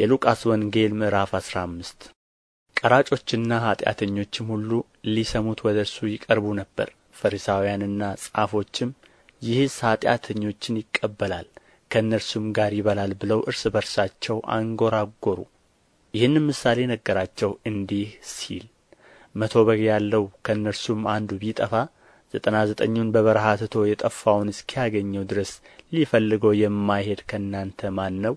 የሉቃስ ወንጌል ምዕራፍ 15 ቀራጮችና ኃጢአተኞችም ሁሉ ሊሰሙት ወደ እርሱ ይቀርቡ ነበር። ፈሪሳውያንና ጻፎችም ይህስ ኃጢአተኞችን ይቀበላል ከእነርሱም ጋር ይበላል ብለው እርስ በርሳቸው አንጎራጎሩ። ይህንም ምሳሌ ነገራቸው እንዲህ ሲል መቶ በግ ያለው ከእነርሱም አንዱ ቢጠፋ ዘጠና ዘጠኙን በበረሃ ትቶ የጠፋውን እስኪያገኘው ድረስ ሊፈልገው የማይሄድ ከእናንተ ማን ነው?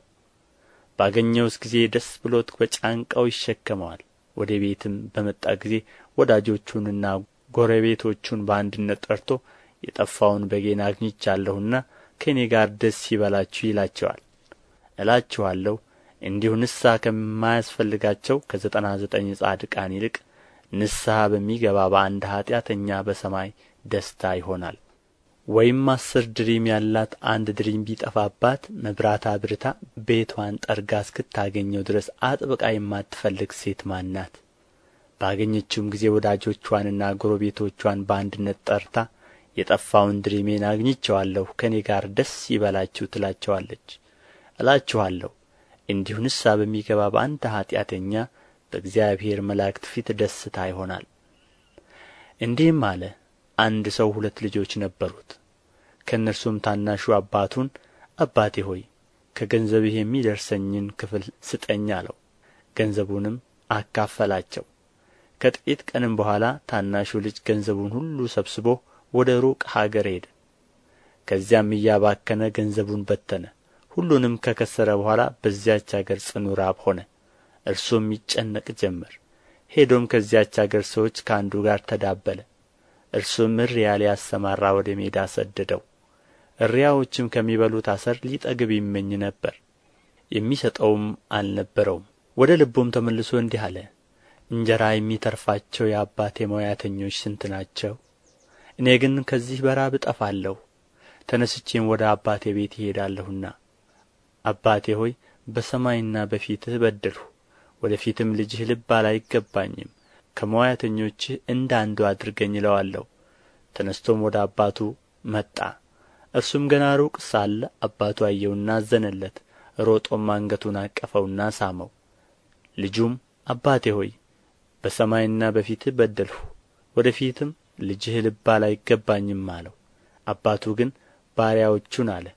ባገኘውስ ጊዜ ደስ ብሎት በጫንቃው ይሸከመዋል ወደ ቤትም በመጣ ጊዜ ወዳጆቹንና ጎረቤቶቹን በአንድነት ጠርቶ የጠፋውን በጌን አግኝቻለሁና ከእኔ ጋር ደስ ይበላችሁ ይላቸዋል እላችኋለሁ እንዲሁ ንስሐ ከማያስፈልጋቸው ከዘጠና ዘጠኝ ጻድቃን ይልቅ ንስሐ በሚገባ በአንድ ኃጢአተኛ በሰማይ ደስታ ይሆናል ወይም አስር ድሪም ያላት አንድ ድሪም ቢጠፋባት መብራት አብርታ ቤትዋን ጠርጋ እስክታገኘው ድረስ አጥብቃ የማትፈልግ ሴት ማን ናት ባገኘችውም ጊዜ ወዳጆችዋንና ጎረቤቶቿን በአንድነት ጠርታ የጠፋውን ድሪሜን አግኝቸዋለሁ ከእኔ ጋር ደስ ይበላችሁ ትላቸዋለች እላችኋለሁ እንዲሁ ንስሐ በሚገባ በአንድ ኀጢአተኛ በእግዚአብሔር መላእክት ፊት ደስታ ይሆናል እንዲህም አለ አንድ ሰው ሁለት ልጆች ነበሩት። ከእነርሱም ታናሹ አባቱን አባቴ ሆይ ከገንዘብህ የሚደርሰኝን ክፍል ስጠኝ አለው። ገንዘቡንም አካፈላቸው። ከጥቂት ቀንም በኋላ ታናሹ ልጅ ገንዘቡን ሁሉ ሰብስቦ ወደ ሩቅ ሀገር ሄደ። ከዚያም እያባከነ ገንዘቡን በተነ። ሁሉንም ከከሰረ በኋላ በዚያች አገር ጽኑ ራብ ሆነ። እርሱም ይጨነቅ ጀመር። ሄዶም ከዚያች አገር ሰዎች ከአንዱ ጋር ተዳበለ። እርሱም እሪያ ሊያሰማራ ወደ ሜዳ ሰደደው። እሪያዎችም ከሚበሉት አሰር ሊጠግብ ይመኝ ነበር፣ የሚሰጠውም አልነበረውም። ወደ ልቡም ተመልሶ እንዲህ አለ፣ እንጀራ የሚተርፋቸው የአባቴ ሞያተኞች ስንት ናቸው? እኔ ግን ከዚህ በራብ እጠፋለሁ። ተነስቼም ወደ አባቴ ቤት ይሄዳለሁና፣ አባቴ ሆይ በሰማይና በፊትህ በደልሁ፣ ወደ ፊትም ልጅህ ልባል አይገባኝም። ከሞያተኞችህ እንዳንዱ አንዱ አድርገኝ እለዋለሁ። ተነሥቶም ወደ አባቱ መጣ እርሱም ገና ሩቅ ሳለ አባቱ አየውና አዘነለት ሮጦም አንገቱን አቀፈውና ሳመው ልጁም አባቴ ሆይ በሰማይና በፊትህ በደልሁ ወደ ፊትም ልጅህ ልባል አይገባኝም አለው አባቱ ግን ባሪያዎቹን አለ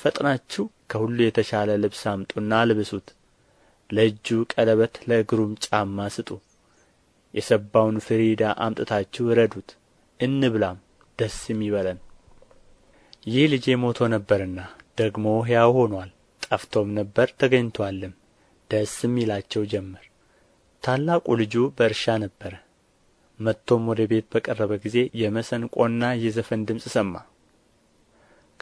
ፈጥናችሁ ከሁሉ የተሻለ ልብስ አምጡና አልብሱት ለእጁ ቀለበት ለእግሩም ጫማ ስጡ የሰባውን ፍሪዳ አምጥታችሁ እረዱት እንብላም ደስም ይበለን ይህ ልጄ ሞቶ ነበርና ደግሞ ሕያው ሆኖአል ጠፍቶም ነበር ተገኝቶአልም ደስም ይላቸው ጀመር ታላቁ ልጁ በእርሻ ነበረ መጥቶም ወደ ቤት በቀረበ ጊዜ የመሰንቆና የዘፈን ድምፅ ሰማ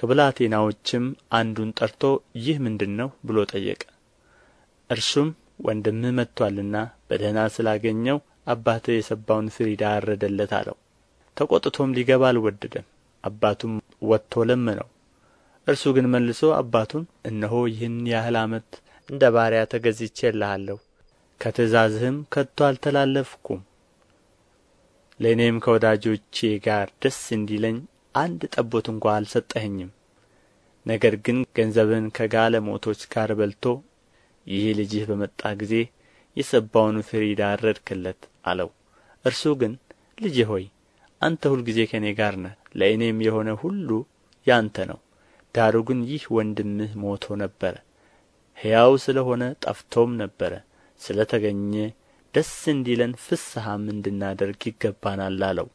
ከብላቴናዎችም አንዱን ጠርቶ ይህ ምንድን ነው ብሎ ጠየቀ እርሱም ወንድምህ መጥቶአልና በደህና ስላገኘው አባትህ የሰባውን ፍሪዳ አረደለት አለው ተቆጥቶም ሊገባ አልወደደም አባቱም ወጥቶ ለመነው እርሱ ግን መልሶ አባቱን እነሆ ይህን ያህል ዓመት እንደ ባሪያ ተገዝቼልሃለሁ ከትእዛዝህም ከቶ አልተላለፍኩም ለእኔም ከወዳጆቼ ጋር ደስ እንዲለኝ አንድ ጠቦት እንኳ አልሰጠኸኝም ነገር ግን ገንዘብን ከጋለሞቶች ጋር በልቶ ይህ ልጅህ በመጣ ጊዜ የሰባውን ፍሪዳ አረድክለት አለው እርሱ ግን ልጄ ሆይ አንተ ሁልጊዜ ከእኔ ጋር ነህ ለእኔም የሆነ ሁሉ ያንተ ነው ዳሩ ግን ይህ ወንድምህ ሞቶ ነበረ ሕያው ስለ ሆነ ጠፍቶም ነበረ ስለ ተገኘ ደስ እንዲለን ፍስሐም እንድናደርግ ይገባናል አለው